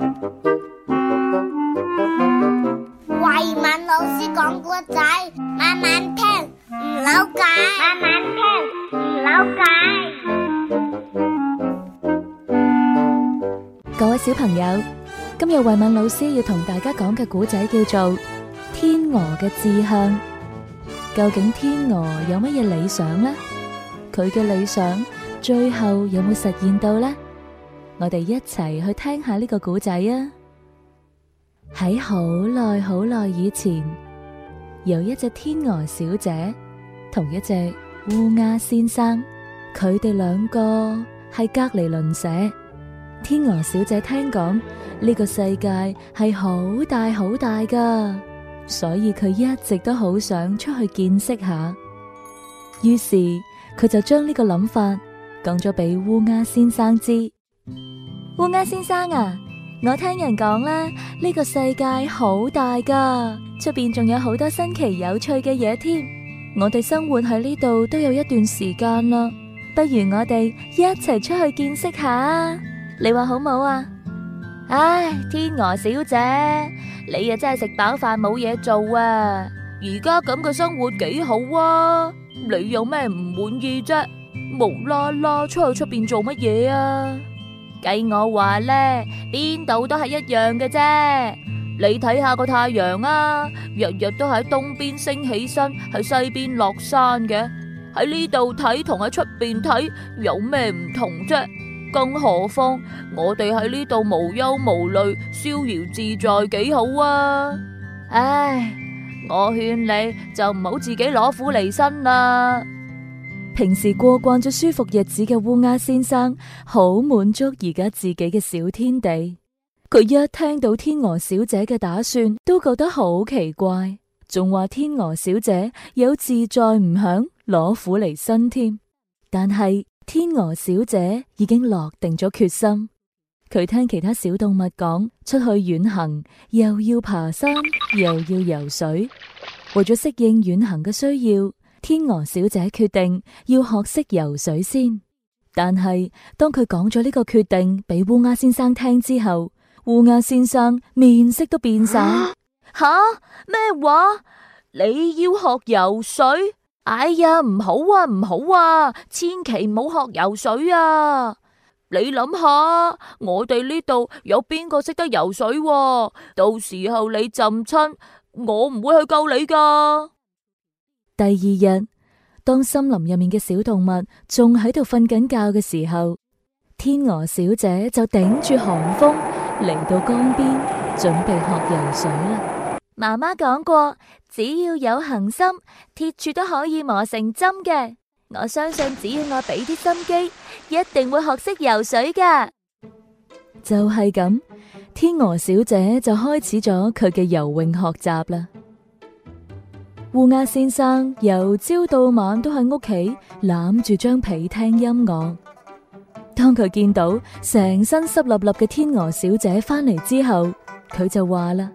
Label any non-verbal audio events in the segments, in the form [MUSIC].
慧敏老師講古仔，慢慢聽，唔扭計；慢慢聽，唔扭計。各位小朋友，今日慧敏老師要同大家講嘅古仔叫做《天鵝嘅志向》。究竟天鵝有乜嘢理想呢？佢嘅理想最後有冇實現到呢？我哋一齊去聽下呢個古仔啊！喺好耐好耐以前，有一隻天鵝小姐同一隻烏鴉先生，佢哋兩個係隔籬鄰舍。天鵝小姐聽講呢個世界係好大好大噶，所以佢一直都好想出去見識下。於是佢就將呢個諗法講咗俾烏鴉先生知。烏鴉先生啊，我聽人講啦，呢個世界好大噶，出邊仲有好多新奇有趣嘅嘢添。我哋生活喺呢度都有一段時間啦，不如我哋一齊出去見識下，你話好唔好啊？唉，天鵝小姐，你啊真係食飽飯冇嘢做啊！而家咁嘅生活幾好啊，你有咩唔滿意啫？無啦啦出去出邊做乜嘢啊？計我話咧，邊度都係一樣嘅啫。你睇下個太陽啊，日日都喺東邊升起身，身喺西邊落山嘅。喺呢度睇同喺出邊睇有咩唔同啫？更何況我哋喺呢度無憂無慮、逍遙自在，幾好啊！唉，我勸你就唔好自己攞苦嚟辛啦。平時過慣咗舒服日子嘅烏鴉先生，好滿足而家自己嘅小天地。佢一聽到天鵝小姐嘅打算，都覺得好奇怪，仲話天鵝小姐有自在唔享，攞苦嚟辛添。但係天鵝小姐已經落定咗決心。佢聽其他小動物講，出去遠行又要爬山，又要游水，為咗適應遠行嘅需要。天鵝小姐決定要學識游水先，但係當佢講咗呢個決定俾烏鴉先生聽之後，烏鴉先生面色都變晒。吓？啊？咩話？你要學游水？哎呀，唔好啊，唔好啊，千祈唔好學游水啊！你諗下，我哋呢度有邊個識得游水喎？到時候你浸親，我唔會去救你噶。第二日，當森林入面嘅小動物仲喺度瞓緊覺嘅時候，天鵝小姐就頂住寒風嚟到江邊，準備學游水啦。媽媽講過，只要有恒心，鐵柱都可以磨成針嘅。我相信，只要我俾啲心機，一定會學識游水㗎。就係咁，天鵝小姐就開始咗佢嘅游泳學習啦。烏鴉先生由朝到晚都喺屋企攬住張被聽音樂。當佢見到成身濕立立嘅天鵝小姐翻嚟之後，佢就話啦：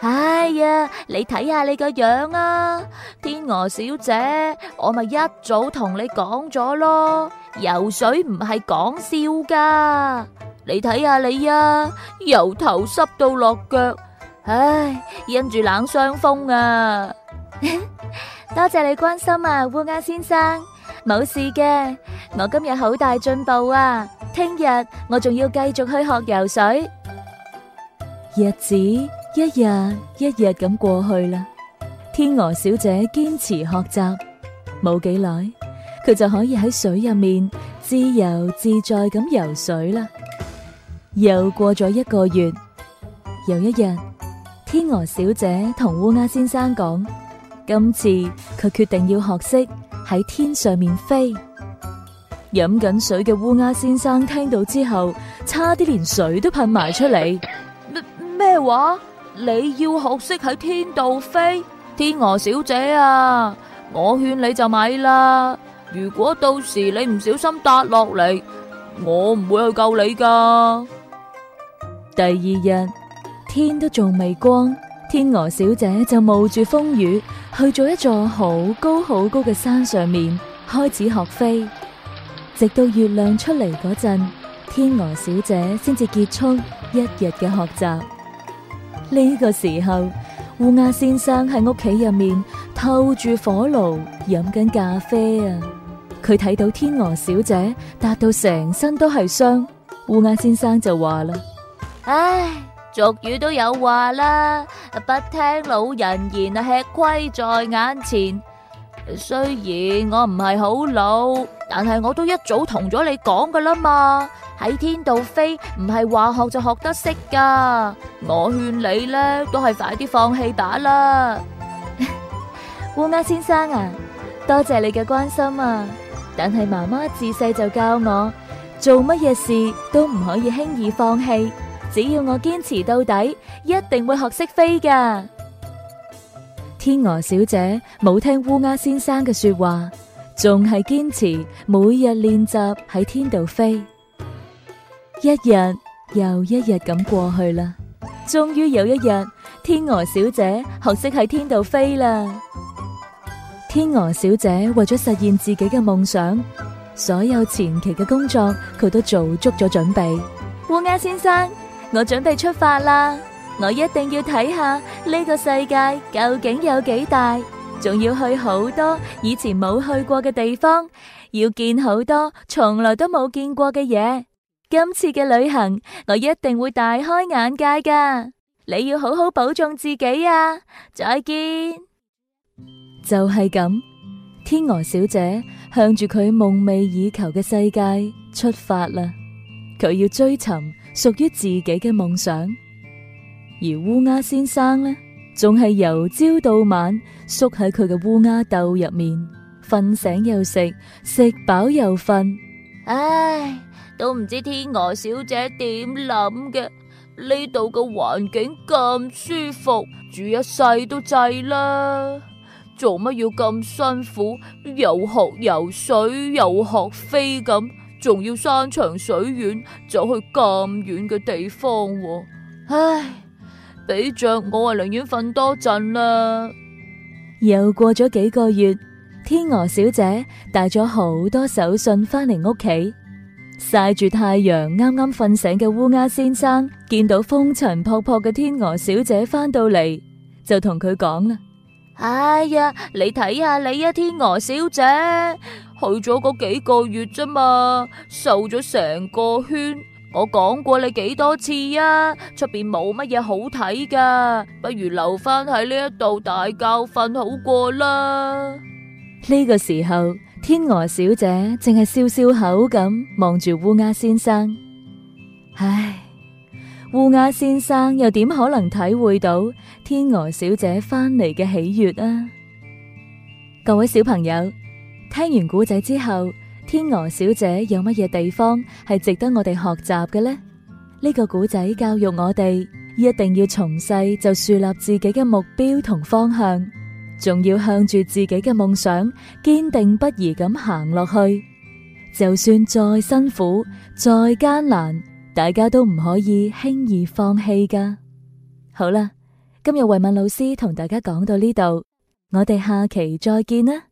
哎呀，你睇下你個樣啊，天鵝小姐，我咪一早同你講咗咯，游水唔係講笑噶。你睇下你啊，由頭濕到落腳，唉、哎，因住冷傷風啊。多謝你關心啊，烏鴉先生，冇事嘅。我今日好大進步啊，聽日我仲要繼續去學游水。日子一日一日咁過去啦，天鵝小姐堅持學習，冇幾耐，佢就可以喺水入面自由自在咁游水啦。又過咗一個月，有一日，天鵝小姐同烏鴉先生講。今次佢決定要學識喺天上面飛，飲緊水嘅烏鴉先生聽到之後，差啲連水都噴埋出嚟。咩話？你要學識喺天度飛？天鵝小姐啊，我勸你就咪啦。如果到時你唔小心跌落嚟，我唔會去救你噶。第二日天都仲未光，天鵝小姐就冒住風雨。去咗一座好高好高嘅山上面，開始學飛，直到月亮出嚟嗰陣，天鵝小姐先至結束一日嘅學習。呢個時候，烏鴉先生喺屋企入面透住火爐飲緊咖啡啊！佢睇到天鵝小姐達到成身都係傷，烏鴉先生就話啦，唉。俗語都有話啦，不聽老人言啊，吃虧在眼前。雖然我唔係好老，但係我都一早同咗你講噶啦嘛。喺天度飛唔係話學就學得識噶。我勸你咧，都係快啲放棄吧啦。烏鴉 [LAUGHS] 先生啊，多謝你嘅關心啊，但係媽媽自細就教我，做乜嘢事都唔可以輕易放棄。只要我堅持到底，一定會學識飛㗎。天鵝小姐冇聽烏鴉先生嘅說話，仲係堅持每日練習喺天度飛。一日又一日咁過去啦，終於有一日，天鵝小姐學識喺天度飛啦。天鵝小姐為咗實現自己嘅夢想，所有前期嘅工作佢都做足咗準備。烏鴉先生。我準備出發啦！我一定要睇下呢個世界究竟有幾大，仲要去好多以前冇去過嘅地方，要見好多從來都冇見過嘅嘢。今次嘅旅行，我一定會大開眼界噶！你要好好保重自己啊！再見。就係咁，天鵝小姐向住佢夢寐以求嘅世界出發啦！佢要追尋。屬於自己嘅夢想，而烏鴉先生呢，仲係由朝到晚縮喺佢嘅烏鴉竇入面，瞓醒又食，食飽又瞓。唉，都唔知天鵝小姐點諗嘅？呢度嘅環境咁舒服，住一世都制啦，做乜要咁辛苦？又學游水，又學飛咁。仲要山長水遠，就去咁遠嘅地方，喎，唉！比着我啊，寧願瞓多陣啦。又過咗幾個月，天鵝小姐帶咗好多手信翻嚟屋企，晒住太陽，啱啱瞓醒嘅烏鴉先生見到風塵僕僕嘅天鵝小姐翻到嚟，就同佢講啦：哎呀，你睇下你啊，天鵝小姐！去咗嗰幾個月啫嘛，瘦咗成個圈。我講過你幾多次啊？出邊冇乜嘢好睇噶，不如留翻喺呢一度大覺瞓好過啦。呢個時候，天鵝小姐淨係笑笑口咁望住烏鴉先生。唉，烏鴉先生又點可能體會到天鵝小姐翻嚟嘅喜悅啊？各位小朋友。聽完古仔之後，天鵝小姐有乜嘢地方係值得我哋學習嘅呢？呢、呢個古仔教育我哋一定要從細就樹立自己嘅目標同方向，仲要向住自己嘅夢想堅定不移咁行落去，就算再辛苦、再艱難，大家都唔可以輕易放棄噶。好啦，今日慧敏老師同大家講到呢度，我哋下期再見啦。